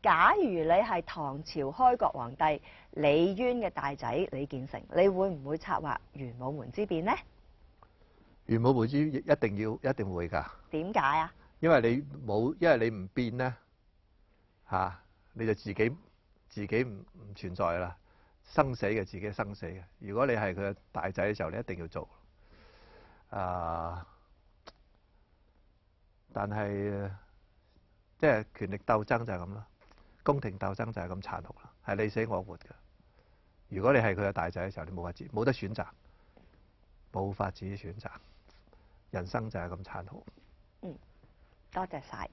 假如你係唐朝開國皇帝李淵嘅大仔李建成，你會唔會策劃玄武門之變呢？玄武門之一，一定要一定會噶。點解啊？因為你冇，因為你唔變呢，吓、啊、你就自己自己唔唔存在啦，生死嘅自己生死嘅。如果你係佢嘅大仔嘅時候，你一定要做。啊，但係即係權力鬥爭就係咁咯。宮廷鬥爭就係咁殘酷啦，係你死我活㗎。如果你係佢嘅大仔嘅時候，你冇法子，冇得選擇，冇法子選擇。人生就係咁殘酷。嗯，多謝晒。